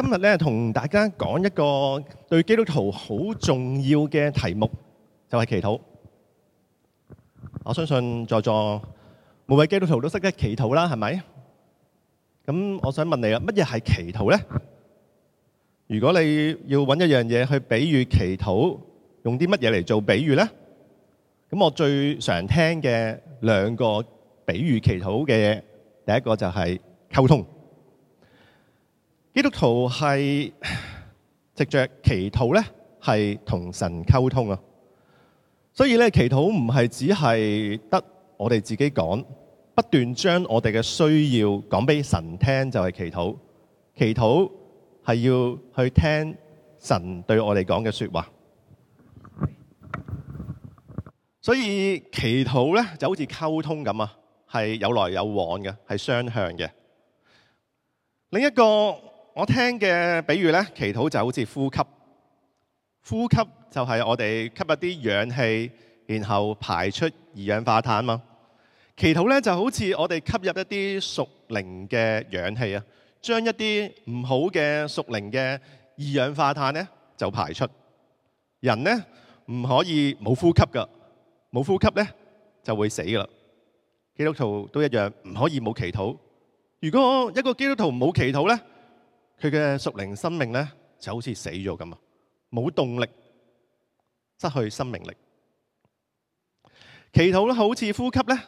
今日咧，同大家講一個對基督徒好重要嘅題目，就係祈禱。我相信在座每位基督徒都識得祈禱啦，係咪？咁我想問你啦，乜嘢係祈禱咧？如果你要揾一樣嘢去比喻祈禱，用啲乜嘢嚟做比喻咧？咁我最常聽嘅兩個比喻祈禱嘅嘢，第一個就係溝通。基督徒係藉着祈禱咧，係同神溝通啊。所以咧，祈禱唔係只係得我哋自己講，不斷將我哋嘅需要講俾神聽就係祈禱。祈禱係要去聽神對我哋講嘅說話。所以祈禱咧就好似溝通咁啊，係有來有往嘅，係雙向嘅。另一個。我聽嘅比喻咧，祈禱就好似呼吸，呼吸就係我哋吸入啲氧氣，然後排出二氧化碳嘛。祈禱咧就好似我哋吸入一啲屬靈嘅氧氣啊，將一啲唔好嘅屬靈嘅二氧化碳咧就排出。人咧唔可以冇呼吸㗎，冇呼吸咧就會死㗎喇。基督徒都一樣，唔可以冇祈禱。如果一個基督徒冇祈禱咧？佢嘅屬靈生命咧就好似死咗咁啊，冇動力，失去生命力。祈禱咧好似呼吸咧，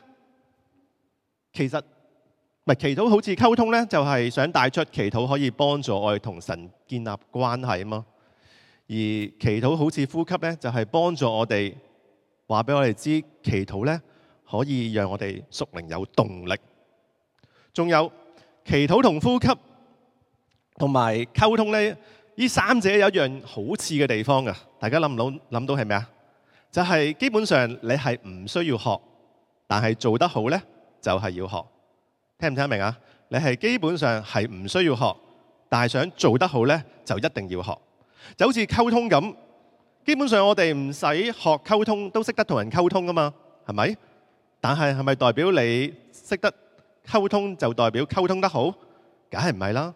其實唔係祈禱好似溝通咧，就係想帶出祈禱可以幫助我哋同神建立關係嘛。而祈禱好似呼吸咧，就係幫助我哋話俾我哋知，祈禱咧可以讓我哋屬靈有動力。仲有祈禱同呼吸。同埋溝通呢，呢三者有一樣好似嘅地方㗎，大家諗唔諗諗到係咩啊？就係基本上你係唔需要學，但係做得好呢就係要學，聽唔聽得明啊？你係基本上係唔需要學，但係想做得好呢就一定要學，就好似溝通咁，基本上我哋唔使學溝通都識得同人溝通㗎嘛，係咪？但係係咪代表你識得溝通就代表溝通得好？梗係唔係啦。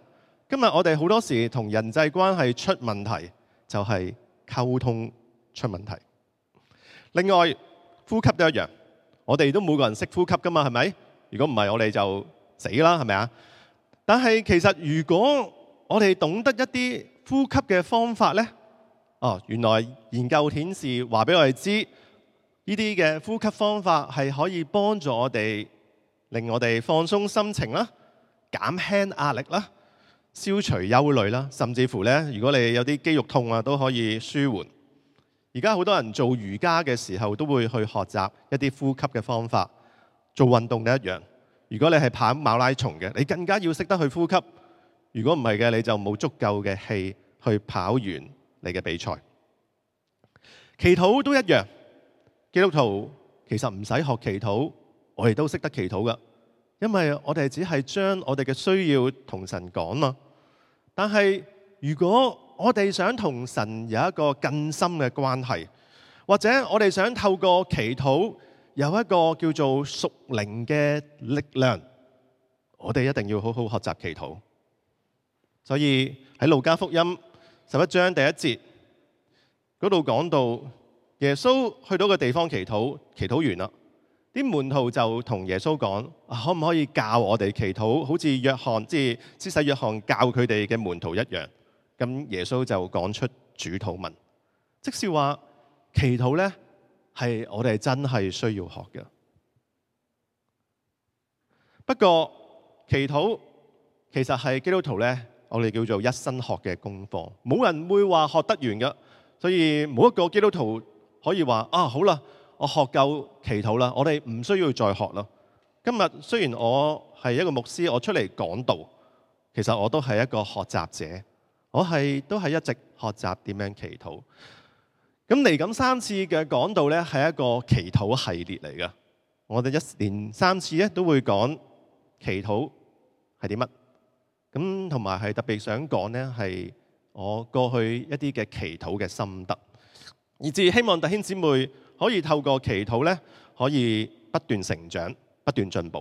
今日我哋好多時同人際關係出問題，就係溝通出問題。另外，呼吸都一樣，我哋都每個人識呼吸噶嘛，係咪？如果唔係，我哋就死啦，係咪啊？但係其實如果我哋懂得一啲呼吸嘅方法呢，哦，原來研究顯示話俾我哋知，呢啲嘅呼吸方法係可以幫助我哋令我哋放鬆心情啦，減輕壓力啦。消除憂慮啦，甚至乎呢，如果你有啲肌肉痛啊，都可以舒緩。而家好多人做瑜伽嘅時候，都會去學習一啲呼吸嘅方法。做運動都一樣。如果你係跑馬拉松嘅，你更加要識得去呼吸。如果唔係嘅，你就冇足夠嘅氣去跑完你嘅比賽。祈禱都一樣。基督徒其實唔使學祈禱，我哋都識得祈禱噶，因為我哋只係將我哋嘅需要同神講嘛。但是如果我哋想同神有一個更深嘅關係，或者我哋想透過祈禱有一個叫做屬靈嘅力量，我哋一定要好好學習祈禱。所以喺路加福音十一章第一節嗰度講到，耶穌去到個地方祈禱，祈禱完啦啲門徒就同耶穌講：可唔可以教我哋祈禱？好似約翰，即係施洗約翰教佢哋嘅門徒一樣。咁耶穌就講出主禱文，即係話祈禱咧，係我哋真係需要學嘅。不過祈禱其實係基督徒咧，我哋叫做一生學嘅功課。冇人會話學得完嘅，所以冇一個基督徒可以話：啊，好啦。我學夠祈禱啦，我哋唔需要再學咯。今日雖然我係一個牧師，我出嚟講道，其實我都係一個學習者，我係都係一直學習點樣祈禱。咁嚟緊三次嘅講道呢，係一個祈禱系列嚟㗎。我哋一連三次咧都會講祈禱係啲乜，咁同埋係特別想講呢，係我過去一啲嘅祈禱嘅心得，以至希望弟兄姊妹。可以透過祈禱咧，可以不斷成長、不斷進步。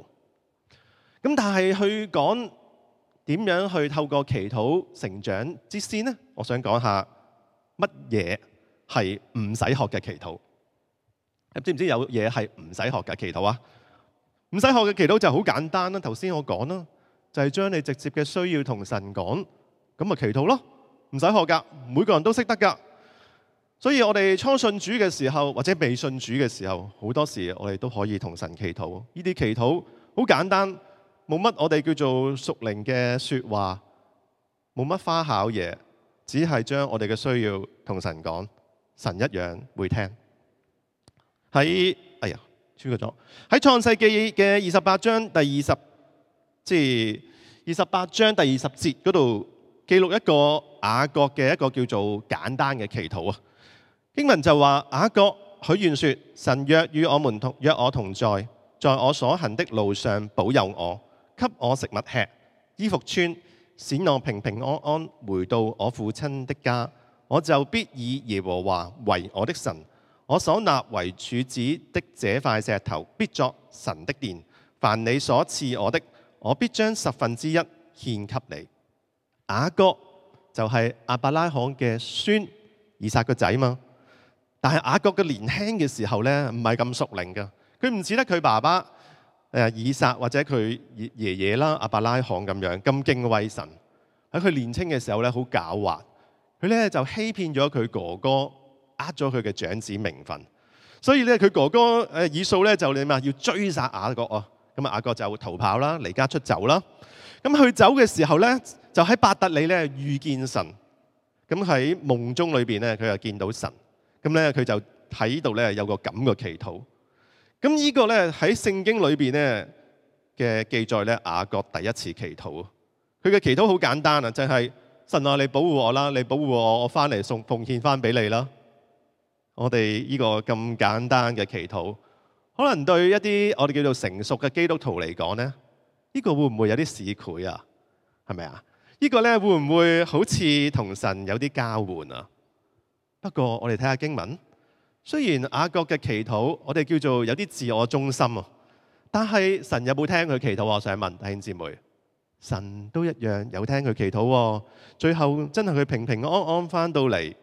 咁但係去講點樣去透過祈禱成長之先咧，我想講下乜嘢係唔使學嘅祈禱。你知唔知有嘢係唔使學嘅祈禱啊？唔使學嘅祈禱就好簡單啦。頭先我講啦，就係將你直接嘅需要同神講，咁咪祈禱咯。唔使學噶，每個人都識得噶。所以我哋初信主嘅時候，或者未信主嘅時候，好多時候我哋都可以同神祈禱。呢啲祈禱好簡單，冇乜我哋叫做屬靈嘅説話，冇乜花巧嘢，只係將我哋嘅需要同神講，神一樣會聽。喺，哎呀，穿越咗喺創世記嘅二十八章第二十，即二十八章第二十節嗰度記錄一個雅各嘅一個叫做簡單嘅祈禱啊！經文就話雅各許願說：神若與我們同約我同在，在我所行的路上保佑我，給我食物吃，衣服穿，使我平平安安回到我父親的家。我就必以耶和華為我的神，我所立為柱子的這塊石頭必作神的殿。凡你所賜我的，我必將十分之一獻給你。雅各就係亞伯拉罕嘅孫以撒嘅仔嘛。但係雅各嘅年輕嘅時候咧，唔係咁屬靈嘅。佢唔似得佢爸爸誒、呃、以撒，或者佢爺爺啦，阿伯拉罕咁樣咁敬畏神。喺佢年輕嘅時候咧，好狡猾。佢咧就欺騙咗佢哥哥，呃咗佢嘅長子名分。所以咧，佢哥哥誒、呃、以掃咧就點啊，要追殺雅各啊。咁啊，雅各就逃跑啦，離家出走啦。咁佢走嘅時候咧，就喺伯特利咧遇見神。咁喺夢中裏邊咧，佢又見到神。咁咧，佢就喺度咧，有個咁嘅祈禱。咁呢個咧喺聖經裏面咧嘅記載咧，雅各第一次祈禱。佢嘅祈禱好簡單啊，就係神啊，你保護我啦，你保護我，我翻嚟送奉獻翻俾你啦。我哋呢個咁簡單嘅祈禱，可能對一啲我哋叫做成熟嘅基督徒嚟講咧，呢個會唔會有啲市儈啊？係咪啊？呢個咧會唔會好似同神有啲交換啊？不過我哋睇下經文，雖然雅各嘅祈禱，我哋叫做有啲自我中心啊，但係神有冇聽佢祈禱？我想問弟兄姊妹，神都一樣有聽佢祈禱喎。最後真係佢平平安安翻到嚟。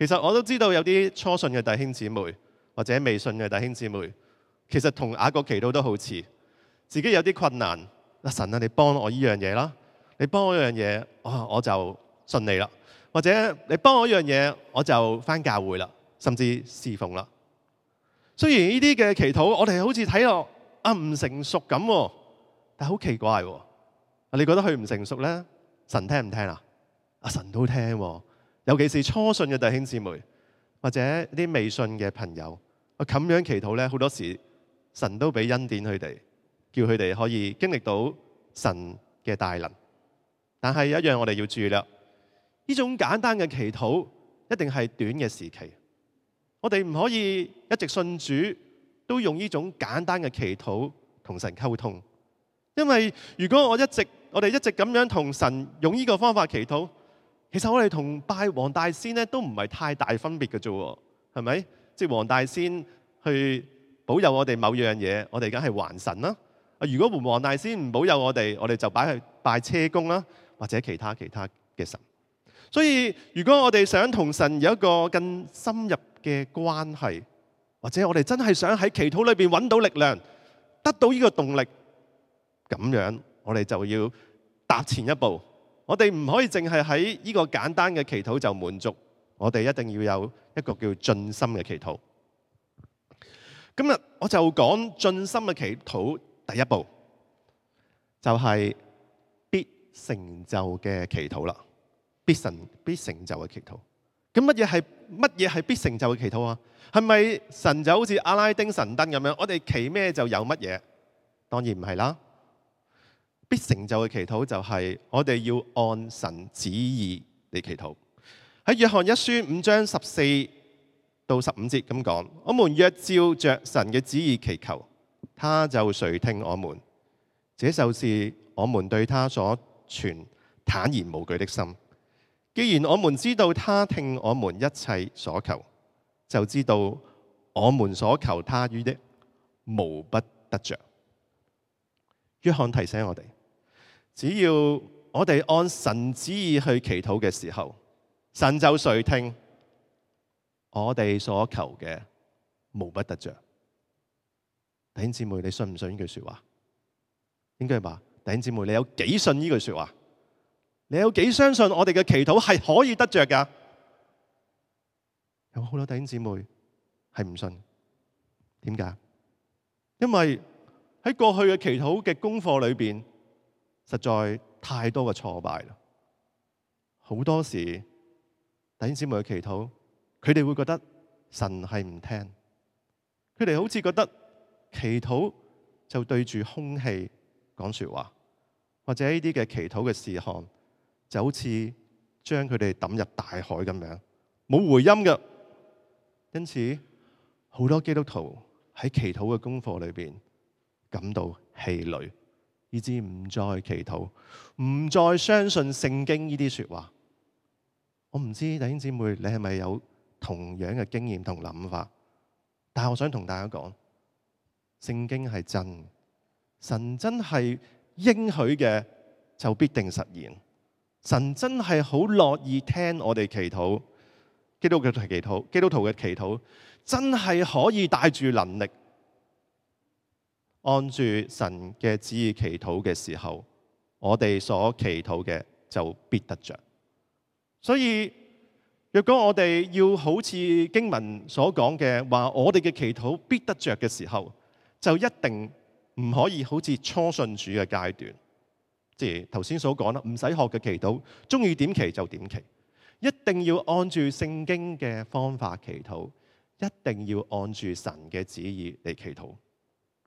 其實我都知道有啲初信嘅弟兄姊妹或者未信嘅弟兄姊妹，其實同雅各祈禱都好似，自己有啲困難，啊神啊你幫我依樣嘢啦，你幫我一樣嘢，啊，我，我就信你啦。或者你幫我一樣嘢，我就翻教會啦，甚至侍奉啦。雖然呢啲嘅祈禱，我哋好似睇落啊唔成熟咁，但係好奇怪喎。你覺得佢唔成熟咧，神聽唔聽啊？阿神都聽喎，尤其是初信嘅弟兄姊妹，或者啲未信嘅朋友，我咁樣祈禱咧，好多時神都俾恩典佢哋，叫佢哋可以經歷到神嘅大能。但係有一樣我哋要注意啦。呢種簡單嘅祈禱一定係短嘅時期。我哋唔可以一直信主，都用呢種簡單嘅祈禱同神溝通。因為如果我一直我哋一直咁樣同神用呢個方法祈禱，其實我哋同拜黃大仙咧都唔係太大分別嘅啫喎，係咪？即係黃大仙去保佑我哋某樣嘢，我哋梗係還神啦。啊，如果黃大仙唔保佑我哋，我哋就擺去拜車公啦，或者其他其他嘅神。所以，如果我哋想同神有一個更深入嘅關係，或者我哋真係想喺祈禱裏面搵到力量，得到呢個動力，咁樣我哋就要踏前一步。我哋唔可以淨係喺呢個簡單嘅祈禱就滿足。我哋一定要有一個叫進深嘅祈禱。今日我就講進深嘅祈禱第一步，就係、是、必成就嘅祈禱啦。必神必成就嘅祈禱，咁乜嘢係乜嘢係必成就嘅祈禱啊？係咪神就好似阿拉丁神燈咁樣？我哋祈咩就有乜嘢？當然唔係啦。必成就嘅祈禱就係我哋要按神旨意嚟祈禱。喺約翰一書五章十四到十五節咁講，我們若照着神嘅旨意祈求，他就垂聽我們。這就是我們對他所存坦然無懼的心。既然我們知道他聽我們一切所求，就知道我們所求他於的無不得着。約翰提醒我哋，只要我哋按神旨意去祈禱嘅時候，神就垂聽我哋所求嘅，無不得着。弟兄姐妹，你信唔信呢句說話？應該話，弟兄姐妹，你有幾信呢句說話？你有幾相信我哋嘅祈禱係可以得着噶？有好多弟兄姊妹係唔信，點解？因為喺過去嘅祈禱嘅功課裏邊，實在太多嘅挫敗啦。好多時弟兄姊妹嘅祈禱，佢哋會覺得神係唔聽，佢哋好似覺得祈禱就對住空氣講說話，或者呢啲嘅祈禱嘅事項，就好似將佢哋抌入大海咁樣，冇回音嘅。因此，好多基督徒喺祈禱嘅功課裏邊感到氣餒，以至唔再祈禱，唔再相信聖經呢啲說話。我唔知弟兄姊妹你係咪有同樣嘅經驗同諗法，但係我想同大家講，聖經係真，神真係應許嘅，就必定實現。神真係好樂意聽我哋祈禱，基督徒嘅祈禱，基督徒嘅祈禱真係可以帶住能力，按住神嘅旨意祈禱嘅時候，我哋所祈禱嘅就必得着。所以，若果我哋要好似經文所講嘅話，我哋嘅祈禱必得着嘅時候，就一定唔可以好似初信主嘅階段。頭先所講啦，唔使學嘅祈禱，中意點祈就點祈，一定要按住聖經嘅方法祈禱，一定要按住神嘅旨意嚟祈禱。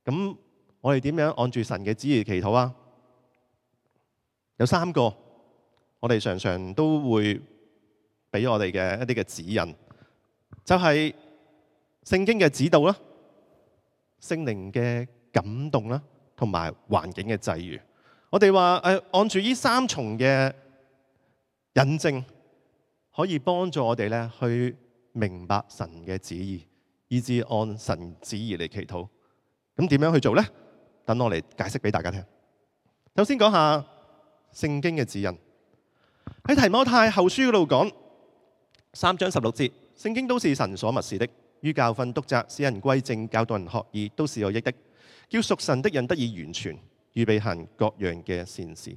咁我哋點樣按住神嘅旨意祈禱啊？有三個，我哋常常都會俾我哋嘅一啲嘅指引，就係、是、聖經嘅指導啦，聖靈嘅感動啦，同埋環境嘅際遇。我哋話誒，按住呢三重嘅引證，可以幫助我哋咧去明白神嘅旨意，以致按神旨意嚟祈禱。咁點樣去做咧？等我嚟解釋俾大家聽。首先講下聖經嘅指引。喺提摩太後書嗰度講三章十六節，聖經都是神所默示的，於教訓、督責、使人歸正、教導人學義，都是有益的，叫屬神的人得以完全，預備行各樣嘅善事，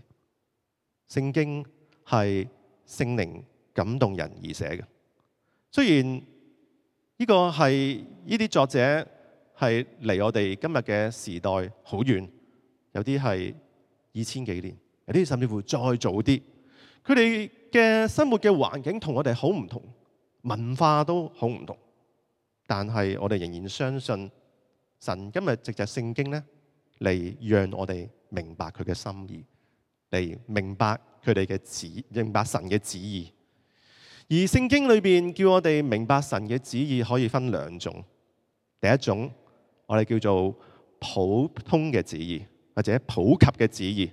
聖經係聖靈感動人而寫嘅。雖然呢個係呢啲作者係離我哋今日嘅時代好遠，有啲係二千幾年，有啲甚至乎再早啲。佢哋嘅生活嘅環境同我哋好唔同，文化都好唔同。但係我哋仍然相信神今日藉着聖經咧。嚟讓我哋明白佢嘅心意，嚟明白佢哋嘅旨，明白神嘅旨意。而聖經裏邊叫我哋明白神嘅旨意，可以分兩種。第一種我哋叫做普通嘅旨意，或者普及嘅旨意。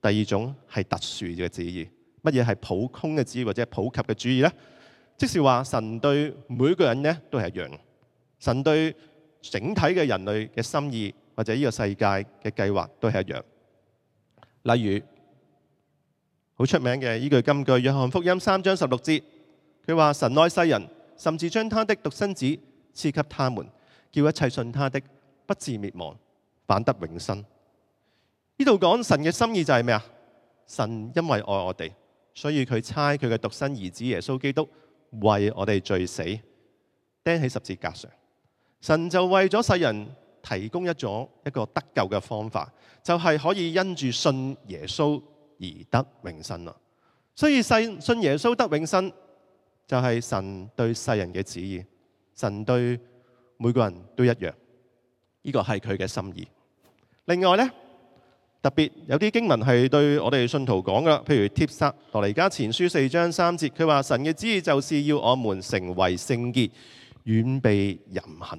第二種係特殊嘅旨意。乜嘢係普通嘅旨意或者普及嘅旨意咧？即是話神對每個人咧都係一樣。神對整體嘅人類嘅心意。或者呢個世界嘅計劃都係一樣。例如好出名嘅依句金句《約翰福音》三章十六節，佢話神愛世人，甚至將他的獨生子賜給他們，叫一切信他的不至滅亡，反得永生。呢度講神嘅心意就係咩啊？神因為愛我哋，所以佢差佢嘅獨生兒子耶穌基督為我哋罪死釘喺十字架上。神就為咗世人。提供一種一個得救嘅方法，就係、是、可以因住信耶穌而得永生啦。所以信耶穌得永生，就係、是、神對世人嘅旨意。神對每個人都一樣，呢、這個係佢嘅心意。另外呢，特別有啲經文係對我哋信徒講㗎，譬如帖撒羅尼迦前書四章三節，佢話神嘅旨意就是要我們成為聖潔，遠避淫行。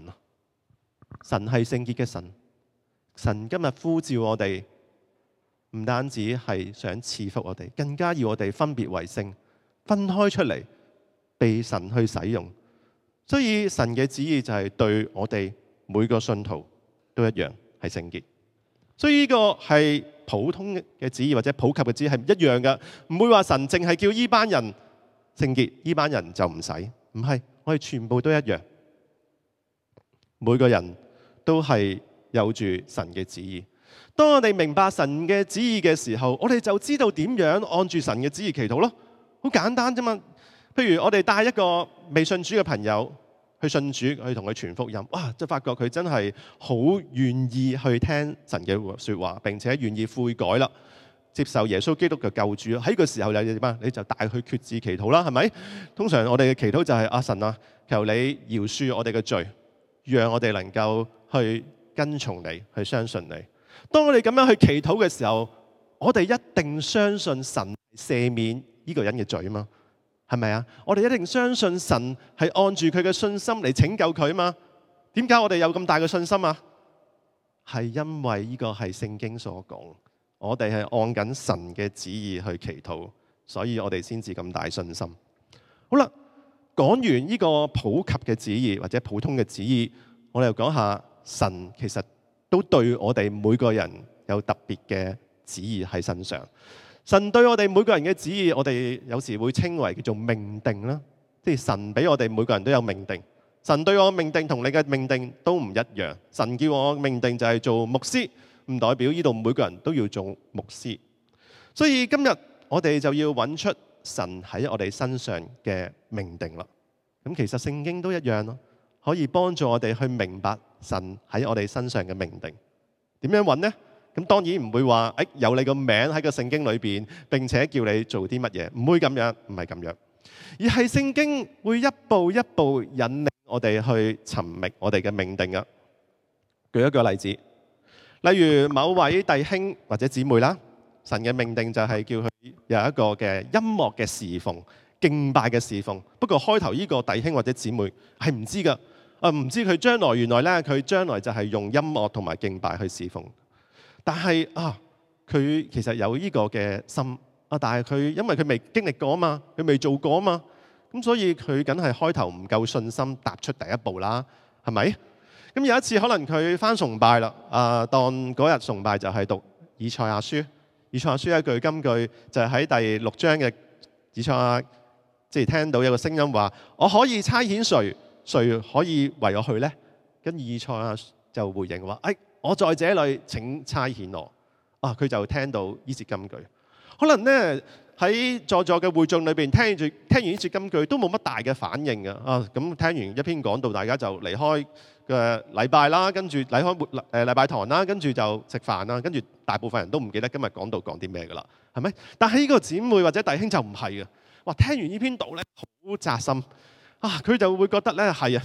神係聖潔嘅神，神今日呼召我哋，唔單止係想賜福我哋，更加要我哋分別為聖，分開出嚟被神去使用。所以神嘅旨意就係對我哋每個信徒都一樣，係聖潔。所以呢個係普通嘅旨意或者普及嘅旨意係一樣嘅，唔會話神淨係叫呢班人聖潔，呢班人就唔使。唔係，我哋全部都一樣，每個人，都係有住神嘅旨意。當我哋明白神嘅旨意嘅時候，我哋就知道點樣按住神嘅旨意祈禱咯。好簡單啫嘛。譬如我哋帶一個未信主嘅朋友去信主，去同佢傳福音，哇！就發覺佢真係好願意去聽神嘅說話，並且願意悔改啦，接受耶穌基督嘅救主。喺個時候你點啊？你就帶佢去決志祈禱啦，係咪？通常我哋嘅祈禱就係阿神啊，求你饒恕我哋嘅罪。讓我哋能夠去跟從你，去相信你。當我哋咁樣去祈禱嘅時候，我哋一定相信神赦免呢個人嘅罪嘛？係咪啊？我哋一定相信神係按住佢嘅信心嚟拯救佢嘛？點解我哋有咁大嘅信心啊？係因為呢個係聖經所講，我哋係按緊神嘅旨意去祈禱，所以我哋先至咁大信心。好啦。講完呢個普及嘅旨意或者普通嘅旨意，我哋又講下神其實都對我哋每個人有特別嘅旨意喺身上。神對我哋每個人嘅旨意，我哋有時會稱為叫做命定啦，即係神俾我哋每個人都有命定。神對我命定同你嘅命定都唔一樣。神叫我命定就係做牧師，唔代表呢度每個人都要做牧師。所以今日我哋就要揾出神喺我哋身上嘅命定啦，咁其實聖經都一樣咯，可以幫助我哋去明白神喺我哋身上嘅命定。點樣揾呢？咁當然唔會話，誒、哎、有你個名喺個聖經裏邊，並且叫你做啲乜嘢，唔會咁樣，唔係咁樣，而係聖經會一步一步引領我哋去尋覓我哋嘅命定啊。舉一個例子，例如某位弟兄或者姊妹啦。神嘅命定就係叫佢有一個嘅音樂嘅侍奉，敬拜嘅侍奉。不過開頭呢個弟兄或者姊妹係唔知㗎啊，唔知佢將來原來呢，佢將來就係用音樂同埋敬拜去侍奉。但係啊，佢其實有呢個嘅心啊，但係佢因為佢未經歷過啊嘛，佢未做過啊嘛，咁所以佢梗係開頭唔夠信心踏出第一步啦，係咪？咁有一次可能佢返崇拜啦啊，當嗰日崇拜就係讀以賽亞書。以賽亞書一句，金句就係喺第六章嘅以賽亞，即係聽到有個聲音話：我可以差遣誰，誰可以為我去咧？跟以賽亞就回應話：誒，我在這裡，請差遣我。啊，佢就聽到呢節金句。可能咧。喺在座嘅會眾裏邊聽住，聽完呢次金句都冇乜大嘅反應嘅啊，咁聽完一篇講道，大家就離開嘅禮拜啦，跟住離開誒禮拜堂啦，跟住就食飯啦，跟住大部分人都唔記得今日講道講啲咩嘅啦，係咪？但係呢個姊妹或者弟兄就唔係嘅，哇！聽完呢篇道咧，好扎心。啊！佢就會覺得呢係啊，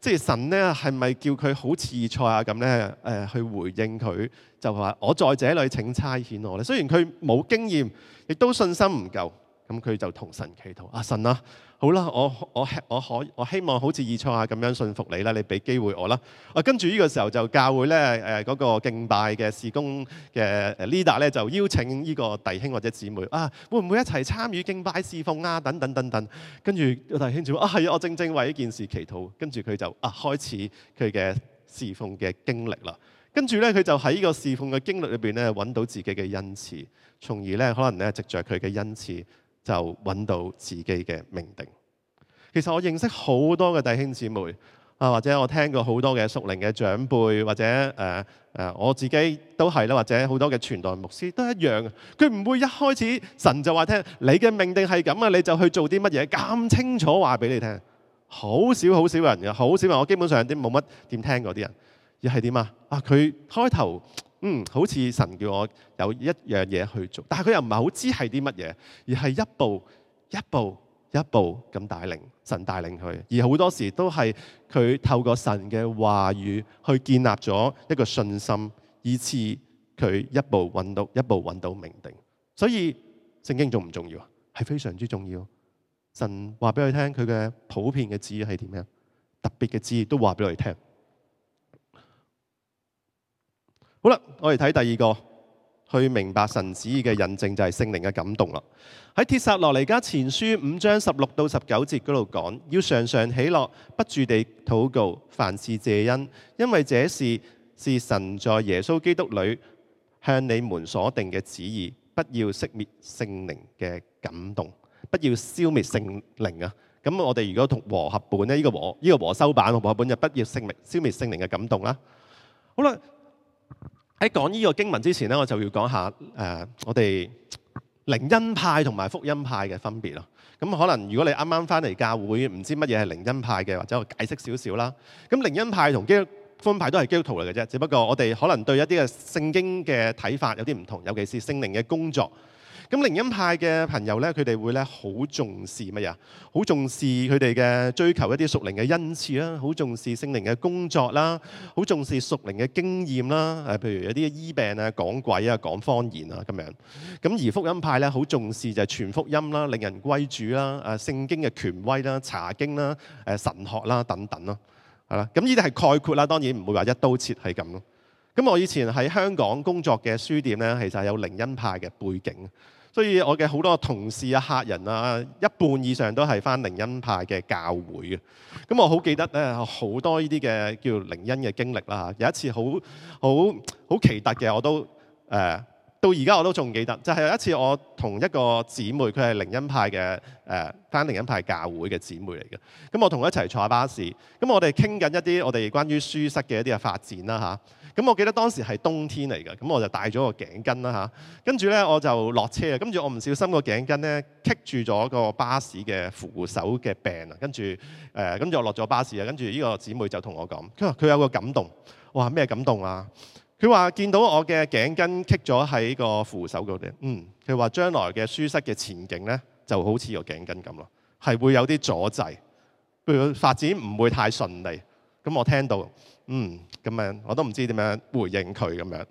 即係神呢係咪叫佢好似菜啊咁呢？誒，去回應佢就話：我在這裏請差遣我咧。雖然佢冇經驗，亦都信心唔夠，咁佢就同神祈禱：阿、啊、神啊！好啦，我我希我可我希望好似以賽亞咁樣信服你啦，你俾機會我啦。啊，跟住呢個時候就教會咧，誒嗰個敬拜嘅事工嘅 leader 咧就邀請呢個弟兄或者姊妹啊，會唔會一齊參與敬拜侍奉啊等等等等。跟住弟兄就話啊，係我正正為呢件事祈禱。跟住佢就啊開始佢嘅侍奉嘅經歷啦。跟住咧佢就喺呢個侍奉嘅經歷裏邊咧揾到自己嘅恩賜，從而咧可能咧藉著佢嘅恩賜。就揾到自己嘅命定。其實我認識好多嘅弟兄姊妹啊，或者我聽過好多嘅熟齡嘅長輩，或者誒誒、啊啊，我自己都係啦，或者好多嘅傳道牧師都一樣。佢唔會一開始神就話聽，你嘅命定係咁啊，你就去做啲乜嘢咁清楚話俾你聽。好少好少人㗎，好少人，我基本上啲冇乜點聽過啲人。而係點啊？啊，佢開頭。嗯，好似神叫我有一樣嘢去做，但係佢又唔係好知係啲乜嘢，而係一步一步一步咁帶領，神帶領佢，而好多時都係佢透過神嘅話語去建立咗一個信心，以至佢一步揾到一步揾到明定。所以聖經重唔重要啊？係非常之重要。重要的神話俾佢聽佢嘅普遍嘅旨意係點樣，特別嘅旨意都話俾我哋聽。好啦，我哋睇第二個去明白神旨意嘅印證，就係聖靈嘅感動啦。喺帖撒羅尼迦前書五章十六到十九節嗰度講，要常常喜樂，不住地禱告，凡事謝恩，因為這是是神在耶穌基督裏向你們所定嘅旨意，不要熄滅聖靈嘅感動，不要消滅聖靈啊。咁我哋如果同和合本呢，呢個和呢個和修版和合本就不要熄滅消滅聖靈嘅感動啦。好啦。喺講呢個經文之前呢，我就要講下、呃、我哋靈恩派同埋福音派嘅分別咯。咁可能如果你啱啱返嚟教會，唔知乜嘢係靈恩派嘅，或者我解釋少少啦。咁靈恩派同福音派都係基督徒嚟嘅啫，只不過我哋可能對一啲嘅聖經嘅睇法有啲唔同，尤其是聖靈嘅工作。咁靈恩派嘅朋友咧，佢哋會咧好重視乜嘢？好重視佢哋嘅追求一啲屬靈嘅恩賜啦，好重視聖靈嘅工作啦，好重視屬靈嘅經驗啦。譬如有啲醫病啊、講鬼啊、講方言啊咁樣。咁而福音派咧，好重視就係傳福音啦、令人歸主啦、聖經嘅權威啦、查經啦、神學啦等等咯。係啦，咁呢啲係概括啦，當然唔會話一刀切係咁咯。咁我以前喺香港工作嘅書店咧，其實係有靈恩派嘅背景。所以我嘅好多同事啊、客人啊，一半以上都係翻靈恩派嘅教會嘅。咁我好記得咧，好多呢啲嘅叫靈恩嘅經歷啦。有一次好好好奇特嘅，我都誒、呃、到而家我都仲記得。就係、是、有一次我同一個姊妹，佢係靈恩派嘅誒翻靈恩派教會嘅姊妹嚟嘅。咁我同佢一齊坐巴士，咁我哋傾緊一啲我哋關於書室嘅一啲嘅發展啦嚇。啊。咁我記得當時係冬天嚟嘅，咁我就戴咗個頸巾啦吓，跟住咧我就落車，跟住我唔小心個頸巾咧棘住咗個巴士嘅扶手嘅柄。啊。跟住誒，跟住我落咗巴士啊。跟住呢個姊妹就同我講，佢話佢有個感動。我話咩感動啊？佢話見到我嘅頸巾棘咗喺個扶手嗰度，嗯，佢話將來嘅書室嘅前景咧就好似個頸巾咁咯，係會有啲阻滯，譬如發展唔會太順利。咁我聽到，嗯。咁樣我都唔知點樣回應佢咁樣。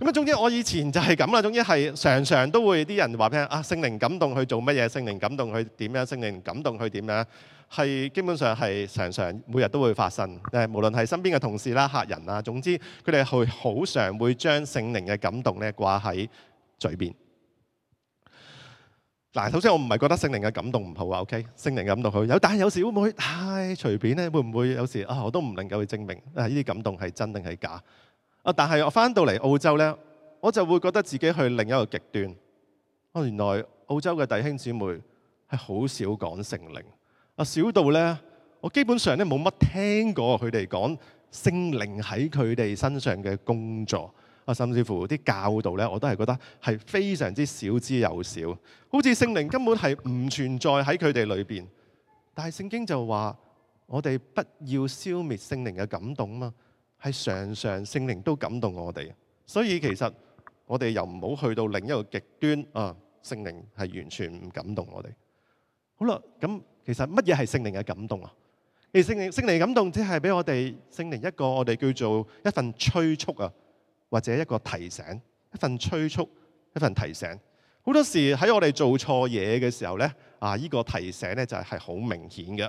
咁啊，總之我以前就係咁啦。總之係常常都會啲人話畀我聽啊，聖靈感動佢做乜嘢？聖靈感動佢點樣？聖靈感動佢點樣？係基本上係常常每日都會發生。誒，無論係身邊嘅同事啦、客人啦，總之佢哋去好常會將聖靈嘅感動咧掛喺嘴邊。嗱，首先我唔係覺得聖靈嘅感動唔好啊，OK？聖靈嘅感動好有，但係有時會唔會太隨便咧？會唔會有時啊，我都唔能夠去證明啊呢啲感動係真定係假啊？但係我翻到嚟澳洲咧，我就會覺得自己去另一個極端。啊，原來澳洲嘅弟兄姊妹係好少講聖靈啊，少到咧，我基本上咧冇乜聽過佢哋講聖靈喺佢哋身上嘅工作。啊！甚至乎啲教導咧，我都係覺得係非常之少之又少，好似聖靈根本係唔存在喺佢哋裏邊。但係聖經就話：我哋不要消滅聖靈嘅感動嘛，係常常聖靈都感動我哋。所以其實我哋又唔好去到另一個極端啊！聖靈係完全唔感動我哋。好啦，咁其實乜嘢係聖靈嘅感動啊？其實聖靈聖靈感動只係俾我哋聖靈一個我哋叫做一份催促啊！或者一個提醒，一份催促，一份提醒。好多時喺我哋做錯嘢嘅時候咧，啊呢個提醒咧就係好明顯嘅，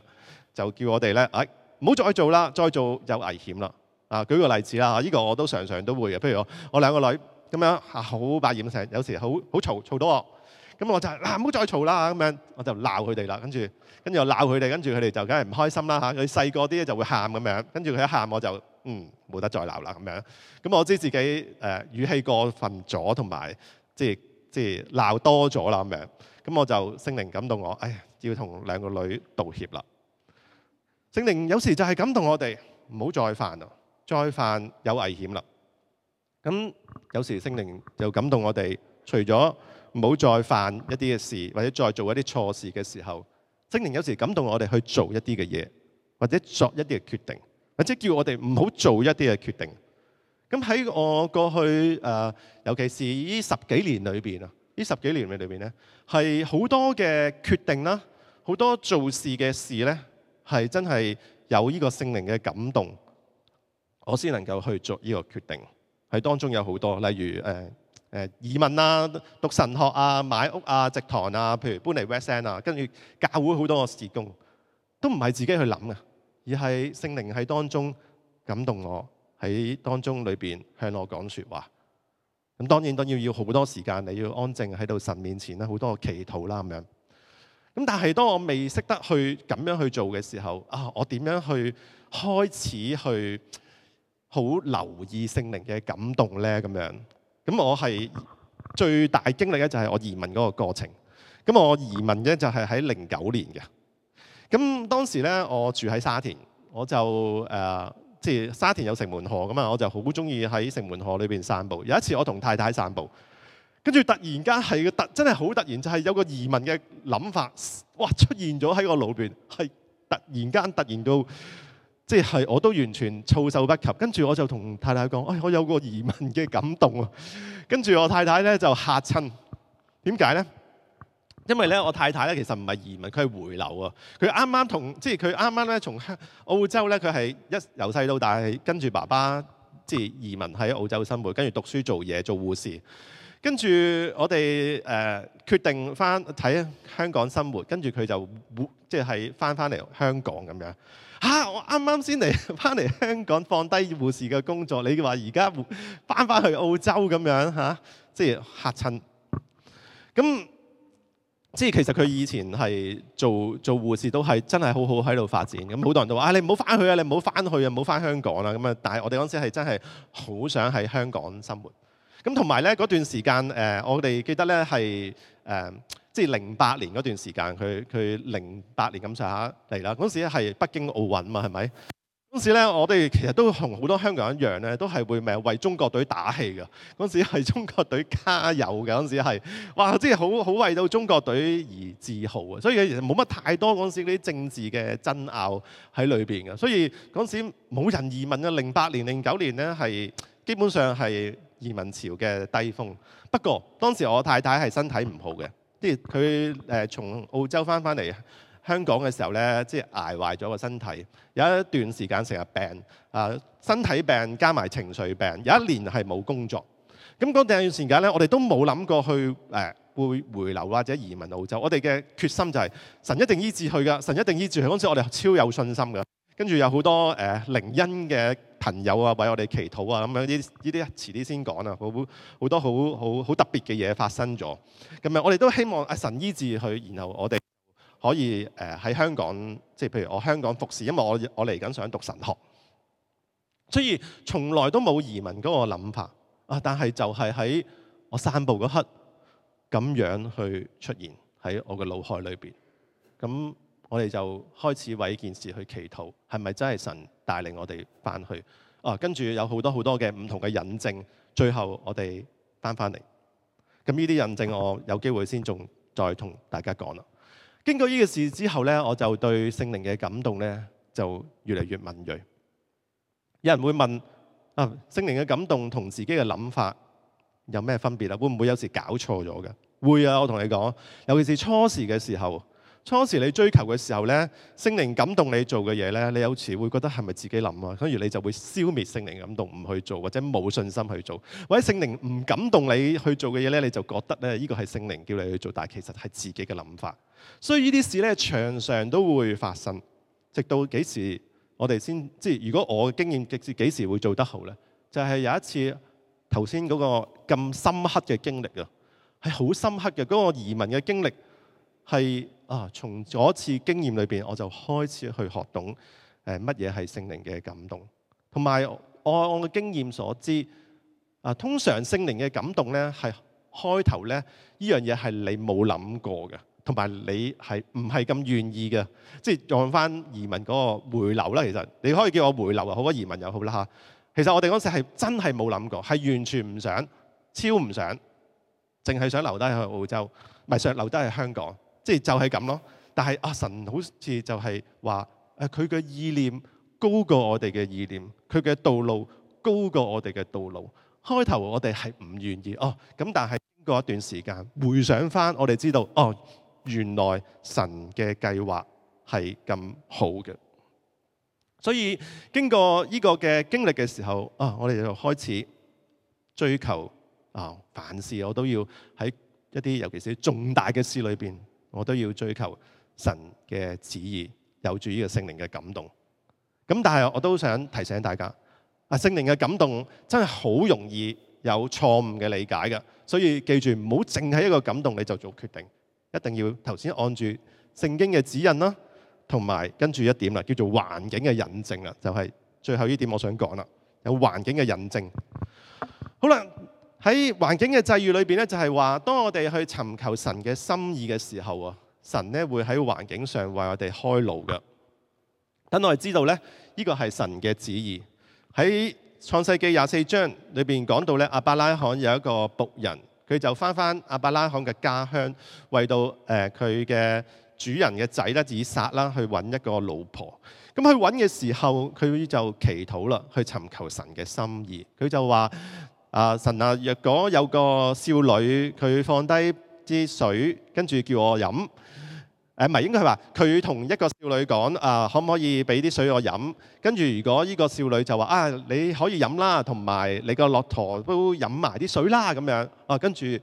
就叫我哋咧，唉唔好再做啦，再做有危險啦。啊，舉個例子啦，呢個我都常常都會嘅。譬如我我兩個女咁樣嚇好百厭，有時好好嘈嘈到我，咁我就嗱，唔好再嘈啦咁樣，我就鬧佢哋啦。跟住跟住我鬧佢哋，跟住佢哋就梗係唔開心啦嚇。佢細個啲咧就會喊咁樣，跟住佢一喊我就。嗯，冇得再鬧啦咁樣。咁我知自己誒、呃、語氣過分咗，同埋即係即係鬧多咗啦咁樣。咁我就聖靈感動我，哎，要同兩個女道歉啦。聖靈有時就係感動我哋，唔好再犯啦！再犯有危險啦。咁有時聖靈就感動我哋，除咗唔好再犯一啲嘅事，或者再做一啲錯事嘅時候，聖靈有時感動我哋去做一啲嘅嘢，或者作一啲嘅決定。即叫我哋唔好做一啲嘅決定。咁喺我過去、呃、尤其是呢十幾年裏面，啊，呢十幾年裏裏邊咧，係好多嘅決定啦，好多做事嘅事咧，係真係有呢個聖靈嘅感動，我先能夠去做呢個決定。喺當中有好多，例如誒誒、呃、移民啊、讀神學啊、買屋啊、植堂啊，譬如搬嚟 West End 啊，跟住教會好多嘅事工，都唔係自己去諗嘅。而係聖靈喺當中感動我，喺當中裏邊向我講説話。咁當然都要要好多時間，你要安靜喺度神面前啦，好多祈禱啦咁樣。咁但係當我未識得去咁樣去做嘅時候，啊，我點樣去開始去好留意聖靈嘅感動呢？咁樣咁我係最大經歷咧，就係我移民嗰個過程。咁我移民呢，就係喺零九年嘅。咁當時咧，我住喺沙田，我就誒，即、呃、係沙田有城門河咁啊，我就好中意喺城門河裏邊散步。有一次，我同太太散步，跟住突然間係突，真係好突然，就係、是、有個移民嘅諗法，哇，出現咗喺我腦邊，係突然間突然到，即、就、係、是、我都完全措手不及。跟住我就同太太講：哎，我有個移民嘅感動啊！跟住我太太咧就嚇親，點解咧？因為咧，我太太咧其實唔係移民，佢係回流啊。佢啱啱同即係佢啱啱咧從澳洲咧，佢係一由細到大跟住爸爸即係移民喺澳洲生活，跟住讀書做嘢做護士。跟住我哋誒、呃、決定翻睇香港生活，跟住佢就即係翻翻嚟香港咁樣。嚇！我啱啱先嚟翻嚟香港，啊、我剛剛來回來香港放低護士嘅工作，你話而家翻翻去澳洲咁樣嚇、啊？即係嚇親咁。即係其實佢以前係做做護士都係真係好好喺度發展，咁好多人都話：啊，你唔好返去啊，你唔好返去啊，唔好返香港啦。咁啊，但係我哋嗰陣時係真係好想喺香港生活。咁同埋呢嗰段時間，誒我哋記得呢係誒，即係零八年嗰段時間，佢佢零八年咁上下嚟啦。嗰時呢係北京奧運啊嘛，係咪？當時咧，我哋其實都同好多香港人一樣咧，都係會咩為中國隊打氣嘅。當時係中國隊加油嘅，當時係哇，即係好好為到中國隊而自豪啊！所以其實冇乜太多嗰時嗰啲政治嘅爭拗喺裏邊嘅。所以嗰時冇人移民啊。零八年、零九年呢，係基本上係移民潮嘅低峰。不過當時我太太係身體唔好嘅，即係佢誒從澳洲翻翻嚟。香港嘅時候呢，即係捱壞咗個身體，有一段時間成日病啊，身體病加埋情緒病，有一年係冇工作。咁嗰段時間呢，我哋都冇諗過去誒會回流或者移民澳洲。我哋嘅決心就係神一定醫治佢㗎，神一定醫治佢。嗰陣時我哋超有信心㗎。跟住有好多誒靈恩嘅朋友啊，為我哋祈禱啊，咁樣啲依啲，遲啲先講啊，好好多好好好特別嘅嘢發生咗。咁樣我哋都希望神醫治佢，然後我哋。可以誒喺香港，即係譬如我香港服侍，因為我我嚟緊想讀神學，所以從來都冇移民嗰個諗法啊。但係就係喺我散步嗰刻咁樣去出現喺我嘅腦海裏邊。咁我哋就開始為呢件事去祈禱，係咪真係神帶領我哋翻去啊？跟住有好多好多嘅唔同嘅印證，最後我哋翻翻嚟。咁呢啲印證，我有機會先仲再同大家講啦。經過呢個事之後咧，我就對聖靈的感動咧就越來越敏銳。有人會問：啊，聖靈嘅感動同自己的諗法有咩分別？會唔會有時搞錯咗？會啊，我同你講，尤其是初時的時候。初時你追求嘅時候呢，聖靈感動你做嘅嘢呢，你有時會覺得係咪自己諗啊？跟住你就會消滅聖靈感動，唔去做或者冇信心去做。或者聖靈唔感動你去做嘅嘢呢，你就覺得呢，呢個係聖靈叫你去做，但係其實係自己嘅諗法。所以呢啲事呢，常常都會發生。直到幾時我哋先，即係如果我嘅經驗幾時幾時會做得好呢，就係有一次頭先嗰個咁深刻嘅經歷啊，係好深刻嘅嗰個移民嘅經歷。係啊！從嗰次經驗裏邊，我就開始去學懂，誒，乜嘢係聖靈嘅感動。同埋按我嘅經驗所知啊，通常聖靈嘅感動呢，係開頭呢依樣嘢係你冇諗過嘅，同埋你係唔係咁願意嘅。即係按翻移民嗰個回流啦，其實你可以叫我回流啊，好多移民又好啦嚇。其實我哋嗰時係真係冇諗過，係完全唔想、超唔想，淨係想留低去澳洲，唔係想留低去香港。即係就係咁咯，但係阿、啊、神好似就係話：誒佢嘅意念高過我哋嘅意念，佢嘅道路高過我哋嘅道路。開頭我哋係唔願意哦，咁但係經過一段時間，回想翻我哋知道哦，原來神嘅計劃係咁好嘅。所以經過呢個嘅經歷嘅時候，啊、哦、我哋就開始追求啊、哦、凡事我都要喺一啲尤其是重大嘅事裏邊。我都要追求神嘅旨意，有住呢個聖靈嘅感動。咁但係我都想提醒大家，啊聖靈嘅感動真係好容易有錯誤嘅理解嘅，所以記住唔好淨係一個感動你就做決定，一定要頭先按住聖經嘅指引啦，同埋跟住一點啦，叫做環境嘅引證啦，就係最後呢點我想講啦，有環境嘅引證。好啦。喺環境嘅際遇裏邊咧，就係話，當我哋去尋求神嘅心意嘅時候啊，神咧會喺環境上為我哋開路噶。等我哋知道咧，呢個係神嘅旨意在。喺創世記廿四章裏邊講到咧，亞伯拉罕有一個僕人，佢就翻翻亞伯拉罕嘅家鄉，為到誒佢嘅主人嘅仔咧以撒啦去揾一個老婆。咁去揾嘅時候，佢就祈禱啦，去尋求神嘅心意。佢就話。啊！神啊，若果有個少女，佢放低啲水，跟住叫我飲。誒、啊，唔係應該係話佢同一個少女講啊，可唔可以俾啲水我飲？跟住如果呢個少女就話啊，你可以飲啦，同埋你個駱駝都飲埋啲水啦，咁樣。哦、啊，跟住、這個、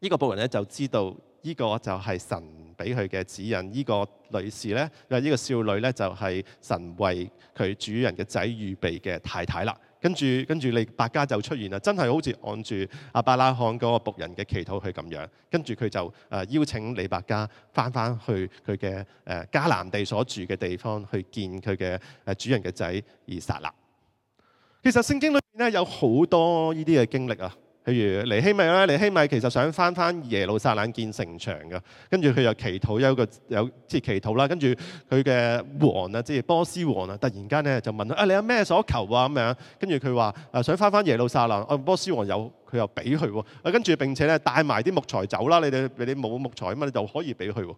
呢個部穀僕人咧就知道呢、這個就係神俾佢嘅指引。呢、這個女士咧，啊、這、依個少女咧就係、是、神為佢主人嘅仔預備嘅太太啦。跟住，跟住利百加就出現啦，真係好似按住亞伯拉罕嗰個僕人嘅祈禱去咁樣。跟住佢就、呃、邀請利百加返返去佢嘅誒迦南地所住嘅地方，去見佢嘅、呃、主人嘅仔以撒啦。其實聖經裏面咧有好多呢啲嘅經歷啊。譬如尼希米啦，尼希米其實想翻翻耶路撒冷建城牆嘅，跟住佢又祈禱有個有即係祈禱啦，跟住佢嘅王啊，即係波斯王啊，突然間咧就問佢啊，你有咩所求啊咁樣？跟住佢話啊，想翻翻耶路撒冷，波斯王有，佢又俾佢喎。跟住並且咧帶埋啲木材走啦，你哋你冇木材咁你就可以俾佢喎。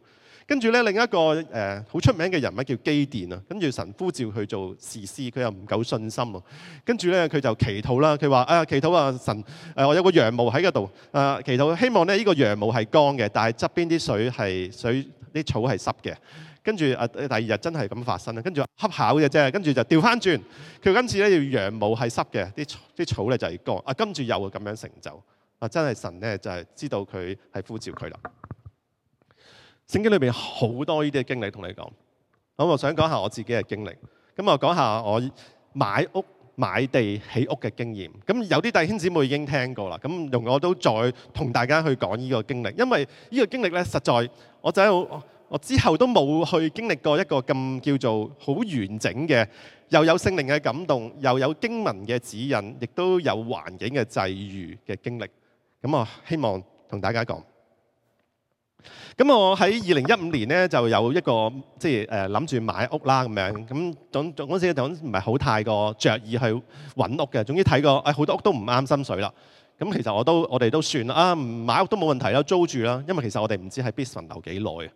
跟住咧，另一個誒好、呃、出名嘅人物叫基甸啊。跟住神呼召佢做士師，佢又唔夠信心咯。跟住咧，佢就祈禱啦。佢話：啊祈禱啊，神誒、呃、我有個羊毛喺嗰度。誒、啊、祈禱希望咧，呢、這個羊毛係乾嘅，但係側邊啲水係水，啲草係濕嘅。跟住啊，第二日真係咁發生啊。跟住恰巧嘅啫，跟住就調翻轉。佢今次咧要羊毛係濕嘅，啲啲草咧就係乾。啊跟住又會咁樣成就。啊真係神咧就係、是、知道佢係呼召佢啦。聖經裏邊好多依啲嘅經歷同你講，咁我想講下我自己嘅經歷。咁我講下我買屋買地起屋嘅經驗。咁有啲弟兄姊妹已經聽過啦，咁容我都再同大家去講依個經歷，因為依個經歷咧，實在我真係我之後都冇去經歷過一個咁叫做好完整嘅，又有聖靈嘅感動，又有經文嘅指引，亦都有環境嘅際遇嘅經歷。咁我希望同大家講。咁我喺二零一五年呢，就有一個即係誒，諗住買屋啦咁樣，咁總總嗰陣時唔係好太過着意去揾屋嘅。總之睇過，誒、哎、好多屋都唔啱心水啦。咁其實我都我哋都算啦，唔、啊、買屋都冇問題啦，租住啦。因為其實我哋唔知喺 Brisbane 留幾耐。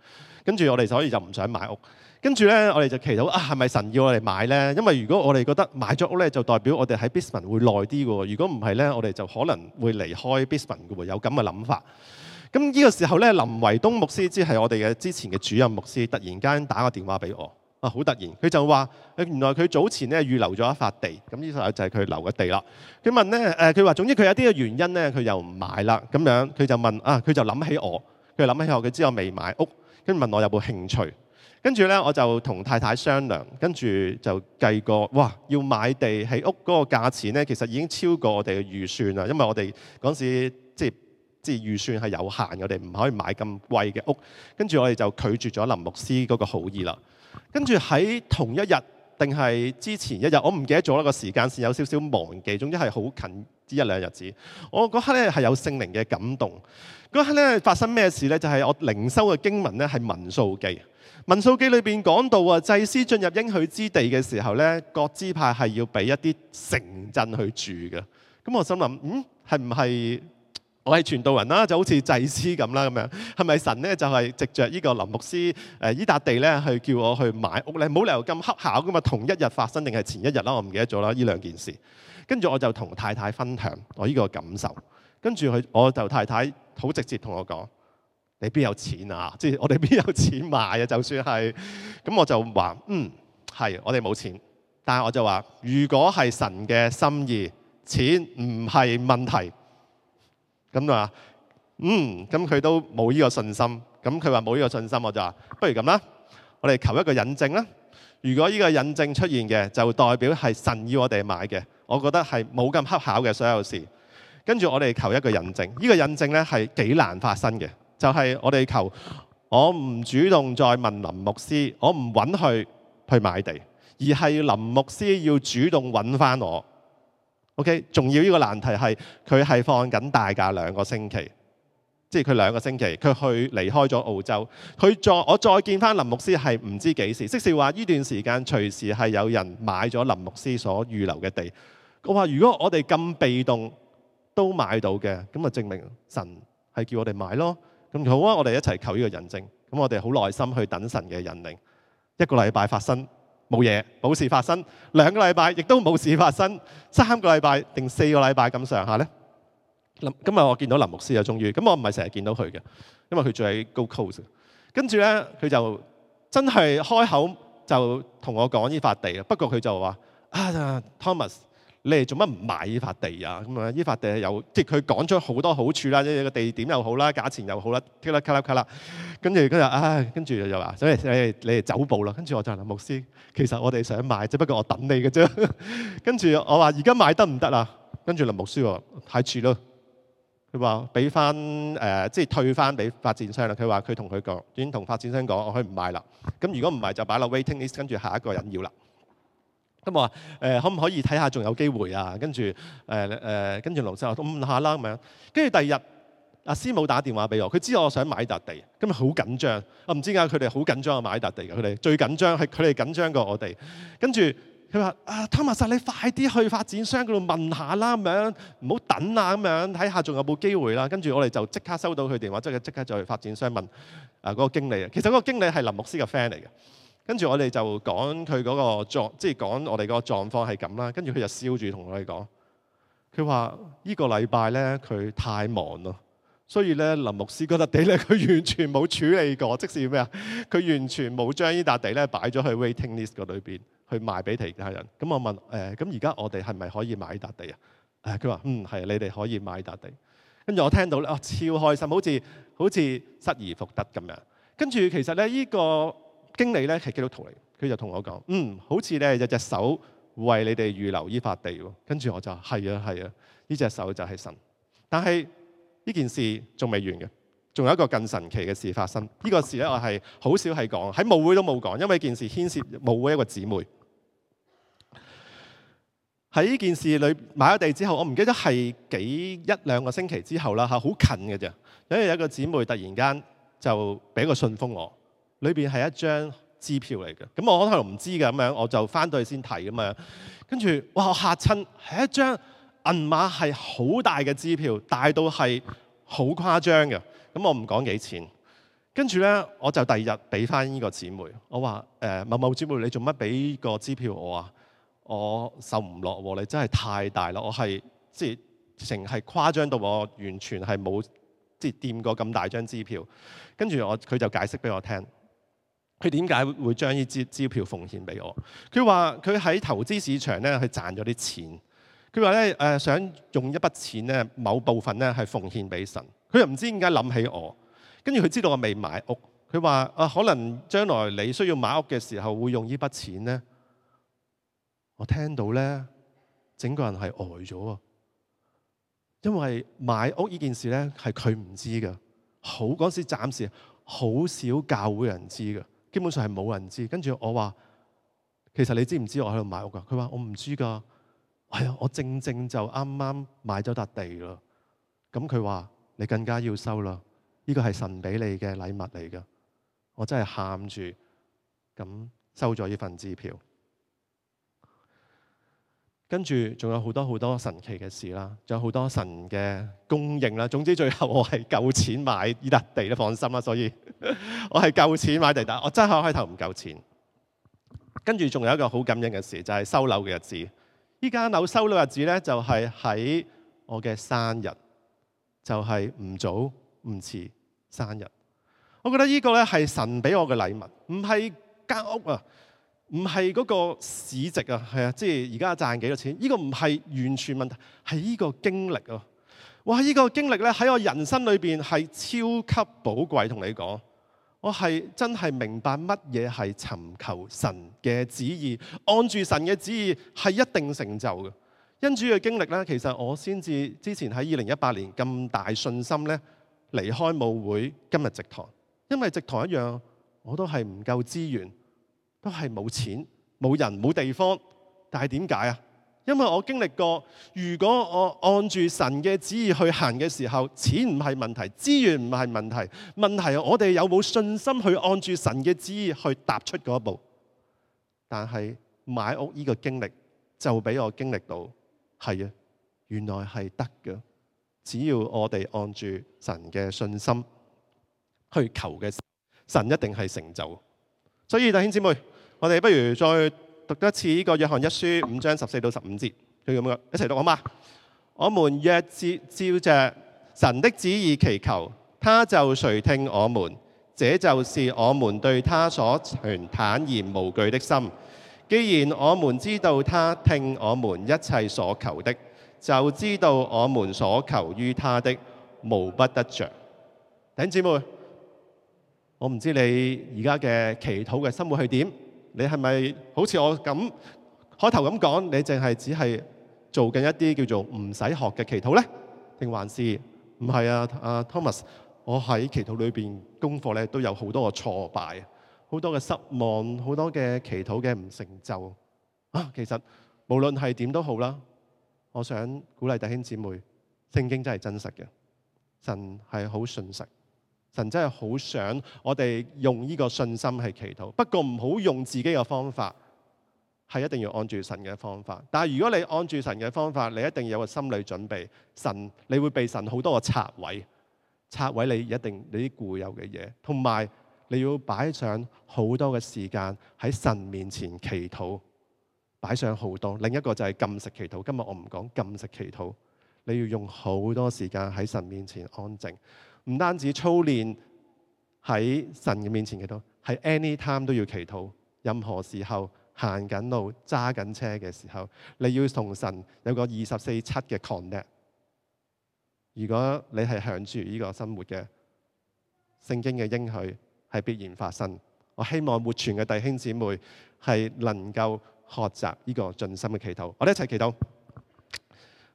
跟住我哋所以就唔想買屋。跟住呢，我哋就祈禱啊，係咪神要我哋買呢？因為如果我哋覺得買咗屋呢，就代表我哋喺 Brisbane 會耐啲嘅。如果唔係呢，我哋就可能會離開 Brisbane 嘅喎。有咁嘅諗法。咁呢個時候咧，林維東牧師即係我哋嘅之前嘅主任牧師，突然間打個電話俾我，啊好突然！佢就話，原來佢早前咧預留咗一塊地，咁呢塊就係佢留嘅地啦。佢問咧，誒，佢話總之佢有啲嘅原因咧，佢又唔買啦。咁樣佢就問，啊佢就諗起我，佢諗起我，佢知我未買屋，跟住問我有冇興趣。跟住咧，我就同太太商量，跟住就計過，哇！要買地起屋嗰個價錢咧，其實已經超過我哋嘅預算啦，因為我哋嗰陣時即係即預算係有限，我哋唔可以買咁貴嘅屋，跟住我哋就拒絕咗林牧師嗰個好意啦。跟住喺同一日定係之前一日，我唔記得咗啦，個時間線有少少忘記，總之係好近之一兩日子。我嗰刻咧係有聖靈嘅感動，嗰刻咧發生咩事呢？就係我靈修嘅經文咧係民數記，民數記裏邊講到啊，祭司進入應許之地嘅時候咧，各支派係要俾一啲城鎮去住嘅。咁我心諗，嗯，係唔係？我係傳道人啦，就好似祭司咁啦，咁樣係咪神咧就係藉着呢個林牧師誒依笪地咧去叫我去買屋咧？冇理由咁恰巧㗎嘛。同一日發生定係前一日啦，我唔記得咗啦呢兩件事。跟住我就同太太分享我呢個感受，跟住佢我就太太好直接同我講：你邊有錢啊？即係我哋邊有錢買啊？就算係咁、嗯，我就話嗯係，我哋冇錢。但係我就話：如果係神嘅心意，錢唔係問題。咁啊，嗯，咁佢都冇呢個信心，咁佢話冇呢個信心，我就話不如咁啦，我哋求一個引證啦。如果呢個引證出現嘅，就代表係神要我哋買嘅。我覺得係冇咁恰巧嘅所有事。跟住我哋求一個引證，呢、這個引證呢係幾難發生嘅。就係、是、我哋求，我唔主動再問林牧師，我唔揾佢去買地，而係林牧師要主動揾返我。OK，仲要呢個難題係佢係放緊大假兩個星期，即係佢兩個星期佢去離開咗澳洲。佢再我再見返林牧師係唔知幾時，即是話呢段時間隨時係有人買咗林牧師所預留嘅地。我話如果我哋咁被動都買到嘅，咁啊證明神係叫我哋買咯。咁好啊，我哋一齊求呢個人證。咁我哋好耐心去等神嘅引領，一個禮拜發生。冇嘢，冇事，事發生。兩個禮拜亦都冇事發生，三個禮拜定四個禮拜咁上下咧。今日我見到林牧師又終於，咁我唔係成日見到佢嘅，因為佢住喺 Gold Coast 嘅跟住咧，佢就真係開口就同我講呢塊地，不過佢就話啊、ah，Thomas。你哋做乜唔買依塊地啊？咁啊，依塊地又即係佢講咗好多好處啦，即係個地點又好啦，價錢又好啦啦啦，跟住跟住唉，跟住、哎、就話，所以你你哋走步啦。跟住我就話林牧師，其實我哋想買，只不過我等你嘅啫。跟住我話而家買得唔得啊？跟住林牧師話太遲咯。佢話俾翻誒，即係退翻俾發展商啦。佢話佢同佢講，已經同發展商講，我可以唔買啦。咁如果唔買就擺落 waiting list，跟住下一個人要啦。咁我話可唔可以睇下仲有機會啊？跟住誒誒，跟住盧生話：，咁、呃、諗下啦，咁樣。跟住第二日，阿師母打電話俾我，佢知我想買笪地，今日好緊張。我唔知點解佢哋好緊張買笪地嘅，佢哋最緊張係佢哋緊張過我哋。跟住佢話：啊，湯馬薩，你快啲去發展商嗰度問下啦，咁樣唔好等啦，咁樣睇下仲有冇機會啦。跟住我哋就即刻收到佢電話，即刻即刻就去發展商問啊嗰個經理啊。其實嗰個經理係林牧師嘅 friend 嚟嘅。跟住我哋就講佢嗰個狀，即係講我哋嗰個狀況係咁啦。跟住佢就笑住同我哋講：，佢話、這個、呢個禮拜咧，佢太忙咯，所以咧林牧師嗰笪地咧，佢完全冇處理過。即係咩啊，佢完全冇將呢笪地咧擺咗去 waiting list 嗰裏面去賣俾其他人。咁、嗯、我問誒，咁而家我哋係咪可以買笪地啊？誒，佢話嗯係、嗯，你哋可以買笪地。跟住我聽到咧，我、哦、超開心，好似好似失而復得咁樣。跟住其實咧，呢、這個。經理咧係基督徒嚟，佢就同我講：嗯，好似咧有隻手為你哋預留依塊地喎。跟住我就話，係啊，係啊，呢隻手就係神。但係呢件事仲未完嘅，仲有一個更神奇嘅事發生。呢個事咧我係好少係講，喺舞會都冇講，因為呢件事牽涉舞會一個姊妹。喺呢件事裏買咗地之後，我唔記得係幾一兩個星期之後啦，吓好近嘅啫。有一個姊妹突然間就俾個信封我。裏邊係一張支票嚟嘅，咁我可能唔知嘅咁樣，我就翻到去先睇咁樣，跟住哇我嚇親，係一張銀碼係好大嘅支票，大到係好誇張嘅，咁我唔講幾錢。跟住咧我就第二日俾翻呢個姊妹，我話誒、呃、某某姊妹你做乜俾個支票我啊？我受唔落喎，你真係太大啦，我係即係成係誇張到我完全係冇即係掂過咁大張支票，跟住我佢就解釋俾我聽。佢點解會將呢支支票奉獻俾我？佢話佢喺投資市場咧，佢賺咗啲錢。佢話咧誒，想用一筆錢咧，某部分咧係奉獻俾神。佢又唔知點解諗起我，跟住佢知道我未買屋。佢話啊，可能將來你需要買屋嘅時候，會用呢筆錢咧。我聽到咧，整個人係呆咗啊！因為買屋呢件事咧，係佢唔知嘅。好嗰時暫時好少教會的人知嘅。基本上係冇人知，跟住我話：其實你知唔知道我喺度買屋㗎？佢話：我唔知㗎，係、哎、啊，我正正就啱啱買咗笪地咯。咁佢話：你更加要收啦，呢、這個係神俾你嘅禮物嚟㗎。我真係喊住咁收咗呢份支票。跟住仲有好多好多神奇嘅事啦，仲有好多神嘅供應啦。總之最後我係夠錢買呢笪地都放心啦。所以我係夠錢買地地，我真係開頭唔夠錢。跟住仲有一個好感恩嘅事，就係、是、收樓嘅日子。依間樓收樓日子呢，就係喺我嘅生日，就係、是、唔早唔遲生日。我覺得呢個呢，係神俾我嘅禮物，唔係間屋啊。唔係嗰個市值啊，係啊，即係而家賺幾多錢？呢個唔係完全問題，係呢個經歷啊。哇！呢個經歷咧，喺我人生裏邊係超級寶貴。同你講，我係真係明白乜嘢係尋求神嘅旨意，按住神嘅旨意係一定成就嘅。因主嘅經歷咧，其實我先至之前喺二零一八年咁大信心咧，離開舞會今日直堂，因為直堂一樣，我都係唔夠資源。都係冇錢、冇人、冇地方，但係點解啊？因為我經歷過，如果我按住神嘅旨意去行嘅時候，錢唔係問題，資源唔係問題，問題我哋有冇信心去按住神嘅旨意去踏出嗰一步？但係買屋呢個經歷就俾我經歷到，係啊，原來係得嘅，只要我哋按住神嘅信心去求嘅，神一定係成就。所以弟兄姐妹。我哋不如再讀多次呢個約翰一書五章十四到十五節，佢咁樣一齊讀我嘛！我們若照照着神的旨意祈求，他就垂聽我們。這就是我們對他所存坦然無懼的心。既然我們知道他聽我們一切所求的，就知道我們所求於他的無不得着。頂姐妹，我唔知你而家嘅祈禱嘅生活係點？你係咪好似我咁開頭咁講？你淨係只係做緊一啲叫做唔使學嘅祈禱呢？定還是唔係啊？阿、啊、Thomas，我喺祈禱裏邊功課咧都有好多嘅挫敗，好多嘅失望，好多嘅祈禱嘅唔成就啊！其實無論係點都好啦，我想鼓勵弟兄姊妹，聖經真係真實嘅，神係好信實。神真係好想我哋用呢個信心去祈禱，不過唔好用自己嘅方法，係一定要按住神嘅方法。但如果你按住神嘅方法，你一定要有個心理準備，神你會被神好多個拆毀，拆毀你一定你啲固有嘅嘢，同埋你要擺上好多嘅時間喺神面前祈禱，擺上好多。另一個就係禁食祈禱，今日我唔講禁食祈禱，你要用好多時間喺神面前安靜。唔單止操練喺神嘅面前嘅多，係 anytime 都要祈禱。任何時候行緊路、揸緊車嘅時候，你要同神有個二十四七嘅 connect。如果你係享住呢個生活嘅，聖經嘅應許係必然發生。我希望活泉嘅弟兄姊妹係能夠學習呢個盡心嘅祈禱。我哋一齊祈禱，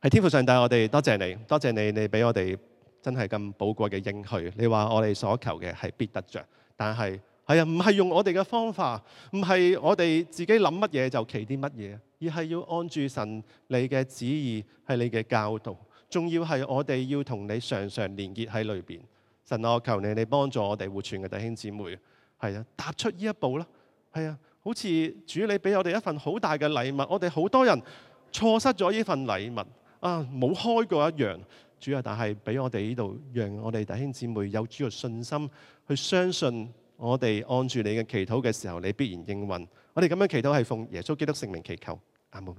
係，天父上帝我們，我哋多謝你，多謝你，你俾我哋。真係咁寶貴嘅應許，你話我哋所求嘅係必得着，但係係啊，唔係用我哋嘅方法，唔係我哋自己諗乜嘢就祈啲乜嘢，而係要按住神你嘅旨意，係你嘅教導，仲要係我哋要同你常常連結喺裏邊。神，我求你，你幫助我哋活泉嘅弟兄姊妹，係啊，踏出呢一步啦。係啊，好似主你俾我哋一份好大嘅禮物，我哋好多人錯失咗呢份禮物啊，冇開過一樣。主啊，但係俾我哋呢度，讓我哋弟兄姊妹有主嘅信心，去相信我哋按住你嘅祈禱嘅時候，你必然應允。我哋咁樣的祈禱係奉耶穌基督聖名祈求，阿門。